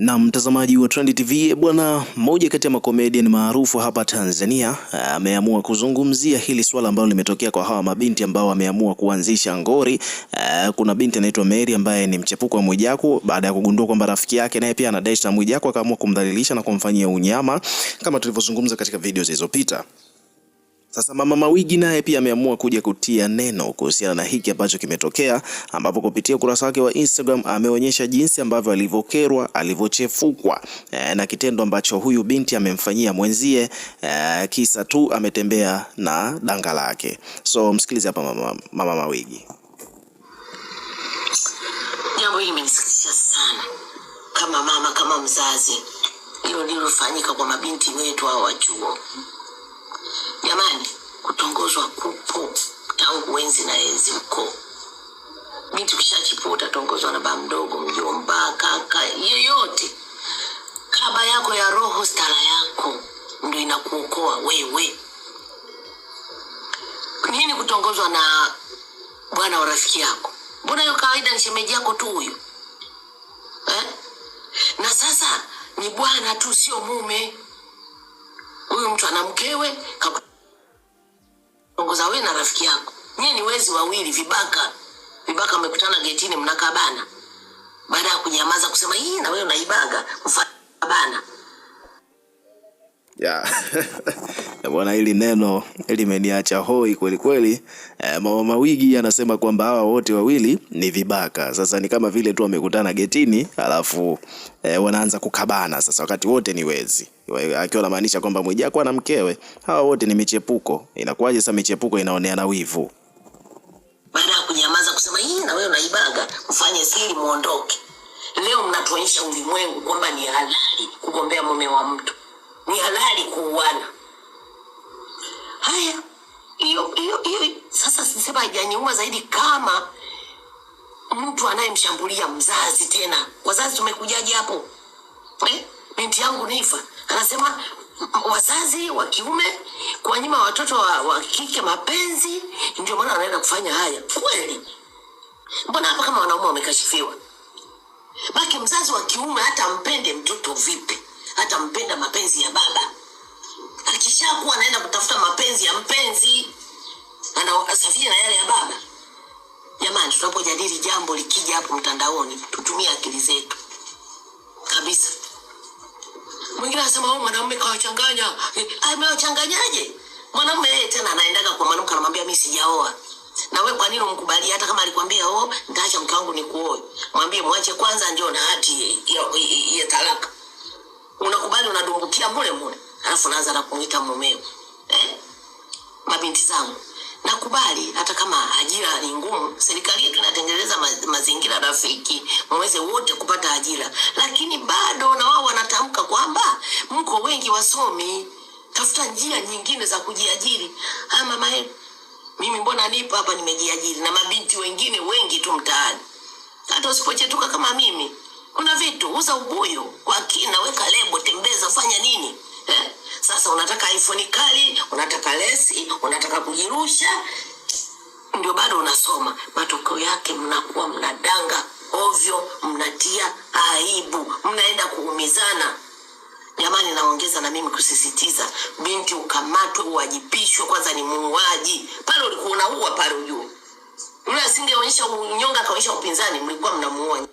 Na mtazamaji wa Trend TV bwana, mmoja kati ya makomedian maarufu hapa Tanzania ameamua kuzungumzia hili swala ambalo limetokea kwa hawa mabinti ambao wameamua kuanzisha ngori. Eh, kuna binti anaitwa Mary ambaye ni mchepuko wa Mwijaku, baada ya kugundua kwamba rafiki yake naye pia date na Mwijaku, akaamua kumdhalilisha na kumfanyia unyama kama tulivyozungumza katika video zilizopita. Sasa Mama Mawigi naye pia ameamua kuja kutia neno kuhusiana na hiki ambacho kimetokea, ambapo kupitia ukurasa wake wa Instagram ameonyesha jinsi ambavyo alivyokerwa, alivyochefukwa e, na kitendo ambacho huyu binti amemfanyia mwenzie e, kisa tu ametembea na danga lake. So msikilize hapa Mama, Mama Mawigi. Jambo hili limenisikitisha sana kama mama, kama mzazi, hilo lilofanyika kwa mabinti wetu hawa chuo Jamani, kutongozwa kupo tangu wenzi na enzi huko. Binti ukishachipuka utatongozwa na ba mdogo, mjomba, kaka, yeyote Kaba yako ya roho, stara yako ndo inakuokoa wewe. Nini kutongozwa na bwana wa rafiki yako? Mbona hiyo kawaida ni shemeji yako tu huyu eh? Na sasa ni bwana tu, sio mume. Huyu mtu ana mkewe kuongoza wewe na rafiki yako. Nyie ni wezi wawili vibaka. Vibaka mmekutana getini mnakabana. Baada ya kunyamaza kusema hii na wewe unaibaga mfabana. Yeah. Bwana, hili neno limeniacha hoi kweli kweli. E, Mama Mawigi anasema kwamba hawa wote wawili ni vibaka. Sasa ni kama vile tu wamekutana getini, alafu e, wanaanza kukabana sasa, wakati wote ni wezi, akiwa anamaanisha kwamba Mwijaku na mkewe hawa wote ni michepuko. Inakuwaje sasa michepuko inaonea na wivu? Baada ya kunyamaza kusema hii na wewe unaibaga, mfanye siri muondoke. Leo mnatuonyesha ulimwengu kwamba ni halali kugombea mume wa mtu, ni halali kuuana haya hiyo hiyo hiyo sasa sisema haijaniuma zaidi kama mtu anayemshambulia mzazi tena wazazi tumekujaji hapo eh? binti yangu nifa anasema wazazi wa kiume kuwanyima watoto wa, wa kike mapenzi ndio maana wanaenda kufanya haya kweli mbona hapa kama wanaume wamekashifiwa baki mzazi wa kiume hata mpende mtoto vipi hata mpenda mapenzi ya baba akishakuwa anaenda kutafuta mapenzi mapenzi ya mpenzi anasafia na yale ya baba jamani tunapojadili jambo likija hapo mtandaoni tutumie akili zetu kabisa mwingine anasema huyu oh, mwanamume kawachanganya eh, amewachanganyaje ah, mwanamume yeye tena anaendaga kwa mwanamke anamwambia mi sijaoa na wewe kwa nini umkubalia hata kama alikwambia oh nitaacha mke wangu ni kuoe mwambie mwache kwanza njo na hati ya, talaka unakubali unadumbukia mule mule alafu naanza na kumwita mumeo binti zangu nakubali hata kama ajira ni ngumu serikali yetu inatengeneza mazingira rafiki mweze wote kupata ajira lakini bado na wao wanatamka kwamba mko wengi wasomi tafuta njia nyingine za kujiajiri haya ah, mama yetu mimi mbona nipo hapa nimejiajiri na mabinti wengine wengi tu mtaani hata usipochetuka kama mimi kuna vitu uza ubuyu kwa kina weka lebo tembeza fanya nini sasa unataka iPhone kali, unataka lesi, unataka kujirusha, ndio bado unasoma. Matokeo yake mnakuwa mnadanga ovyo, mnatia aibu, mnaenda kuumizana. Jamani, naongeza na mimi kusisitiza, binti ukamatwe, uwajipishwe kwanza ni muuaji pale. Ulikuwa unaua pale, ujue mla asingeonyesha unyonga, akaonyesha upinzani, mlikuwa mnamuua.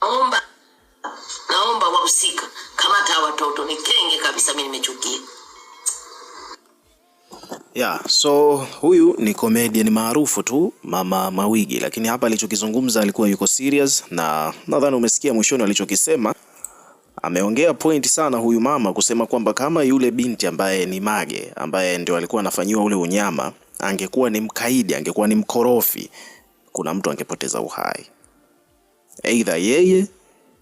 Omba kenge kabisa, mimi nimechukia. Yeah, so huyu ni comedian maarufu tu Mama Mawigi, lakini hapa alichokizungumza alikuwa yuko serious, na nadhani umesikia mwishoni alichokisema. Ameongea point sana huyu mama kusema kwamba kama yule binti ambaye ni Mage ambaye ndio alikuwa anafanyiwa ule unyama angekuwa ni mkaidi, angekuwa ni mkorofi, kuna mtu angepoteza uhai, aidha yeye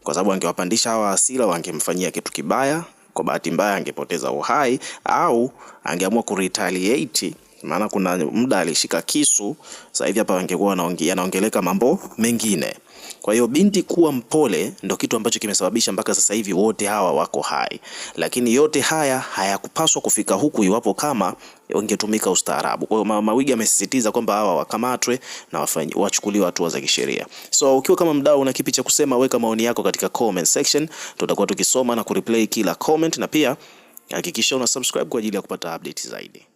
kwa sababu angewapandisha hawa hasira wangemfanyia kitu kibaya. Kwa bahati mbaya angepoteza uhai au angeamua kuretaliate maana kuna muda alishika kisu, sasa hivi hapa wangekuwa wanaongeleka mambo mengine. Kwa hiyo binti kuwa mpole ndo kitu ambacho kimesababisha mpaka sasa hivi wote hawa wako hai, lakini yote haya hayakupaswa kufika huku iwapo kama wangetumika ustaarabu. Kwa hiyo Mawigi amesisitiza kwamba hawa wakamatwe na wachukuliwe hatua za kisheria. So ukiwa kama mdau, una kipi cha kusema, weka maoni yako katika comment section, tutakuwa tukisoma na kureplay kila comment, na pia hakikisha una subscribe kwa ajili ya kupata update zaidi.